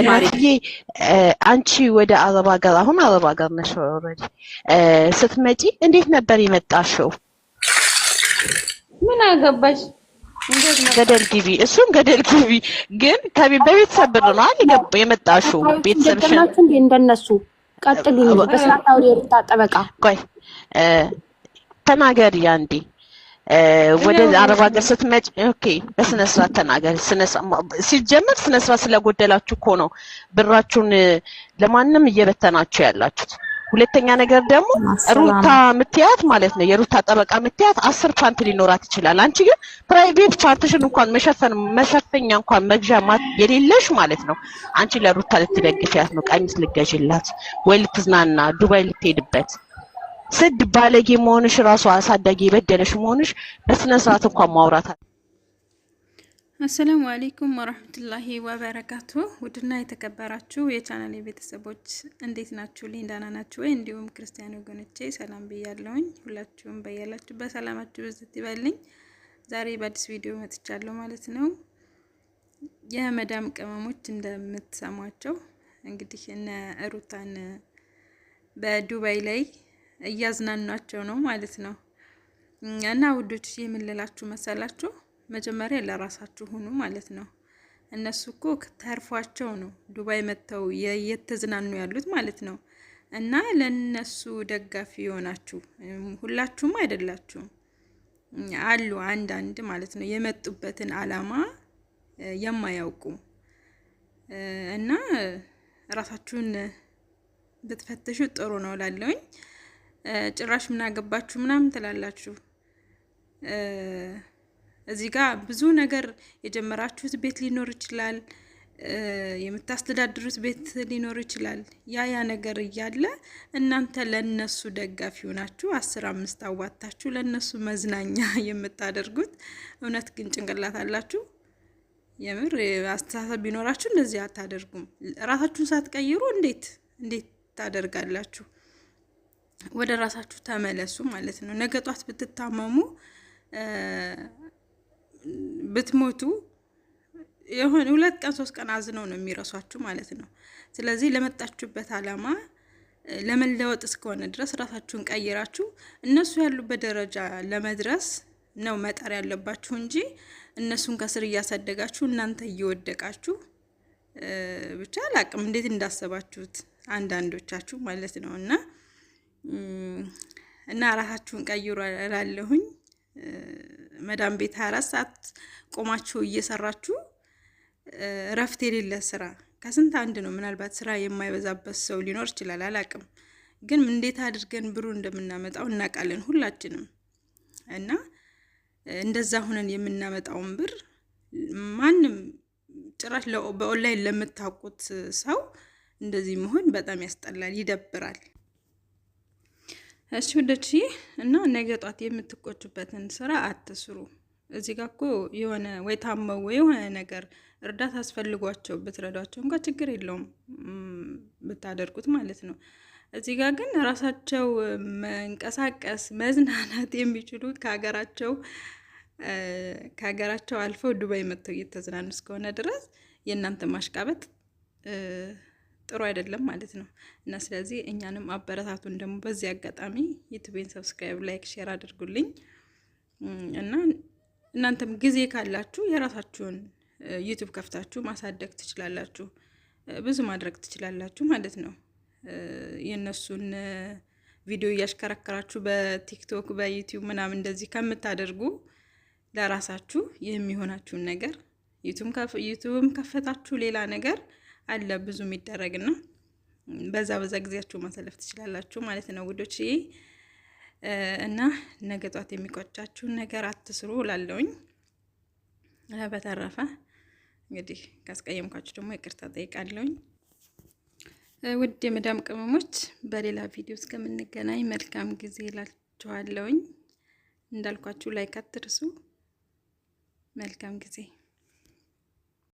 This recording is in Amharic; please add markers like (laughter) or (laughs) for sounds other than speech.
እናትዬ አንቺ ወደ አረብ ሀገር አሁን አረብ ሀገር ነሽ ኦልሬዲ ስትመጪ እንዴት ነበር የመጣሽው? ምን አገባሽ? ገደል ግቢ፣ እሱም ገደል ግቢ። ግን በቤተሰብ ብር ነው አይደል የመጣሽው? ቤተሰብሽ እንደ እንደነሱ ቀጥሉ። በስራታው የሩታ ጠበቃ ቆይ ተናገሪ አንዴ ወደ አረብ ሀገር ስትመጪ ኦኬ፣ በስነ ስርዓት ተናገሪ። ሲጀመር ስነ ስርዓት ስለጎደላችሁ እኮ ነው ብራችሁን ለማንም እየበተናችሁ ያላችሁት። ሁለተኛ ነገር ደግሞ ሩታ ምትያት ማለት ነው የሩታ ጠበቃ ምትያት አስር ፓንት ሊኖራት ይችላል። አንቺ ግን ፕራይቬት ፓርትሽን እንኳን መሸፈን መሸፈኛ እንኳን መግዣ የሌለሽ ማለት ነው። አንቺ ለሩታ ልትደግፊያት ነው ቀሚስ ልገዥላት ወይ ልትዝናና ዱባይ ልትሄድበት ስድ ባለጌ መሆንሽ ራሱ አሳዳጊ የበደለሽ መሆንሽ በስነ ስርዓት እንኳን ማውራት አለ። አሰላሙ አሌይኩም ወረህመቱላሂ ወበረካቱ። ውድና የተከበራችሁ የቻናል ቤተሰቦች እንዴት ናችሁ? ሊንዳና ናችሁ ወይ? እንዲሁም ክርስቲያን ወገኖቼ ሰላም ብያለውኝ። ሁላችሁም በያላችሁ በሰላማችሁ ብዝት ይበልኝ። ዛሬ በአዲስ ቪዲዮ መጥቻለሁ ማለት ነው። የመዳም ቅመሞች እንደምትሰሟቸው እንግዲህ እነ ሩታን በዱባይ ላይ እያዝናኗቸው ነው ማለት ነው። እና ውዶች የምልላችሁ መሰላችሁ መጀመሪያ ለራሳችሁ ሁኑ ማለት ነው። እነሱ እኮ ተርፏቸው ነው ዱባይ መጥተው የተዝናኑ ያሉት ማለት ነው። እና ለነሱ ደጋፊ የሆናችሁ ሁላችሁም አይደላችሁም፣ አሉ አንዳንድ ማለት ነው የመጡበትን አላማ የማያውቁ እና ራሳችሁን ብትፈትሹ ጥሩ ነው ላለውኝ ጭራሽ ምን አገባችሁ ምናምን ትላላችሁ። እዚህ ጋ ብዙ ነገር የጀመራችሁት ቤት ሊኖር ይችላል፣ የምታስተዳድሩት ቤት ሊኖር ይችላል። ያ ያ ነገር እያለ እናንተ ለነሱ ደጋፊ ሆናችሁ አስር አምስት አዋታችሁ ለነሱ መዝናኛ (laughs) የምታደርጉት እውነት ግን ጭንቅላት አላችሁ? የምር አስተሳሰብ ቢኖራችሁ እንደዚህ አታደርጉም። ራሳችሁን ሳትቀይሩ እንዴት እንዴት ታደርጋላችሁ? ወደ ራሳችሁ ተመለሱ ማለት ነው። ነገ ጧት ብትታመሙ ብትሞቱ የሆነ ሁለት ቀን ሶስት ቀን አዝነው ነው የሚረሷችሁ ማለት ነው። ስለዚህ ለመጣችሁበት አላማ ለመለወጥ እስከሆነ ድረስ ራሳችሁን ቀይራችሁ እነሱ ያሉበት ደረጃ ለመድረስ ነው መጠር ያለባችሁ እንጂ እነሱን ከስር እያሳደጋችሁ እናንተ እየወደቃችሁ ብቻ አላቅም እንዴት እንዳሰባችሁት አንዳንዶቻችሁ ማለት ነው እና እና ራሳችሁን ቀይሩ እላለሁኝ። መዳም ቤት ሀያ አራት ሰዓት ቆማችሁ እየሰራችሁ እረፍት የሌለ ስራ ከስንት አንድ ነው። ምናልባት ስራ የማይበዛበት ሰው ሊኖር ይችላል፣ አላቅም። ግን እንዴት አድርገን ብሩ እንደምናመጣው እናውቃለን ሁላችንም። እና እንደዛ ሁነን የምናመጣውን ብር ማንም ጭራሽ በኦንላይን ለምታውቁት ሰው እንደዚህ መሆን በጣም ያስጠላል፣ ይደብራል። እሺ ወደችዬ እና ነገ ጧት የምትቆጩበትን ስራ አትስሩ። እዚህ ጋር እኮ የሆነ ወይ ታመው ወይ የሆነ ነገር እርዳታ አስፈልጓቸው ብትረዷቸው እንኳ ችግር የለውም ብታደርጉት ማለት ነው። እዚህ ጋር ግን ራሳቸው መንቀሳቀስ መዝናናት የሚችሉት ከሀገራቸው ከሀገራቸው አልፈው ዱባይ መጥተው እየተዝናኑ እስከሆነ ድረስ የእናንተ ማሽቃበጥ ጥሩ አይደለም ማለት ነው። እና ስለዚህ እኛንም አበረታቱን። ደግሞ በዚህ አጋጣሚ ዩቲቤን ሰብስክራይብ፣ ላይክ፣ ሼር አድርጉልኝ እና እናንተም ጊዜ ካላችሁ የራሳችሁን ዩቱብ ከፍታችሁ ማሳደግ ትችላላችሁ። ብዙ ማድረግ ትችላላችሁ ማለት ነው። የእነሱን ቪዲዮ እያሽከረከራችሁ በቲክቶክ በዩቲዩብ ምናምን እንደዚህ ከምታደርጉ ለራሳችሁ የሚሆናችሁን ነገር ዩቱብም ከፈታችሁ ሌላ ነገር አለ ብዙ የሚደረግና በዛ በዛ ጊዜያችሁ ማሳለፍ ትችላላችሁ ማለት ነው ውዶች። እና ነገ ጧት የሚቆጫችሁን ነገር አትስሩ ላለውኝ። በተረፈ እንግዲህ ካስቀየምኳችሁ ደግሞ ይቅርታ ጠይቃለውኝ። ውድ የመዳም ቅመሞች በሌላ ቪዲዮ እስከምንገናኝ መልካም ጊዜ ላችኋለውኝ። እንዳልኳችሁ ላይክ አትርሱ። መልካም ጊዜ